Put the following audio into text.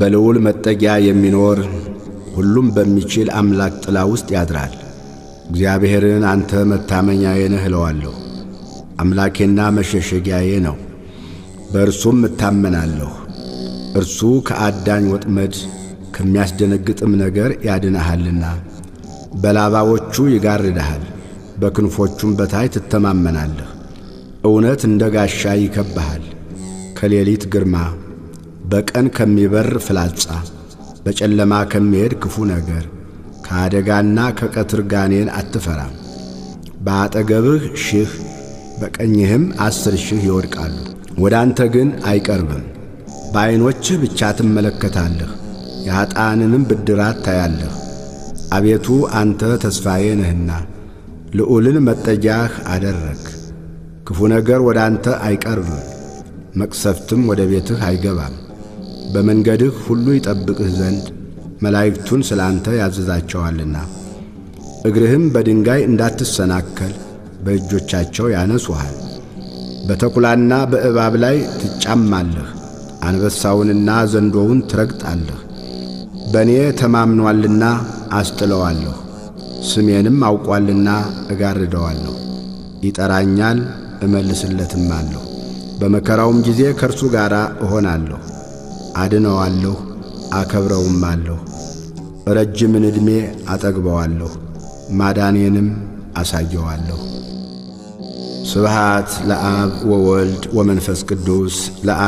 በልዑል መጠጊያ የሚኖር ሁሉም በሚችል አምላክ ጥላ ውስጥ ያድራል። እግዚአብሔርን አንተ መታመኛዬ ነህ እለዋለሁ። አምላኬና መሸሸጊያዬ ነው፣ በእርሱም እታመናለሁ። እርሱ ከአዳኝ ወጥመድ ከሚያስደነግጥም ነገር ያድንሃልና። በላባዎቹ ይጋርድሃል፣ በክንፎቹም በታይ ትተማመናለህ። እውነት እንደ ጋሻ ይከብሃል፣ ከሌሊት ግርማ በቀን ከሚበር ፍላጻ፣ በጨለማ ከሚሄድ ክፉ ነገር፣ ከአደጋና ከቀትር ጋኔን አትፈራም። በአጠገብህ ሺህ በቀኝህም አስር ሺህ ይወድቃሉ፣ ወደ አንተ ግን አይቀርብም። በዐይኖችህ ብቻ ትመለከታለህ፣ የኀጣንንም ብድራት ታያለህ። አቤቱ አንተ ተስፋዬ ነህና ልዑልን መጠጃህ አደረግ። ክፉ ነገር ወደ አንተ አይቀርብም፣ መቅሰፍትም ወደ ቤትህ አይገባም። በመንገድህ ሁሉ ይጠብቅህ ዘንድ መላእክቱን ስለ አንተ ያዘዛቸዋልና እግርህም በድንጋይ እንዳትሰናከል በእጆቻቸው ያነሱሃል። በተኩላና በእባብ ላይ ትጫማለህ፣ አንበሳውንና ዘንዶውን ትረግጣለህ። በእኔ ተማምኗልና አስጥለዋለሁ፣ ስሜንም አውቋልና እጋርደዋለሁ። ይጠራኛል፣ እመልስለትም አለሁ። በመከራውም ጊዜ ከእርሱ ጋር እሆናለሁ። አድነዋለሁ፣ አከብረውማለሁ። ረጅምን ዕድሜ አጠግበዋለሁ፣ ማዳኔንም አሳየዋለሁ። ስብሃት ለአብ ወወልድ ወመንፈስ ቅዱስ ለአ።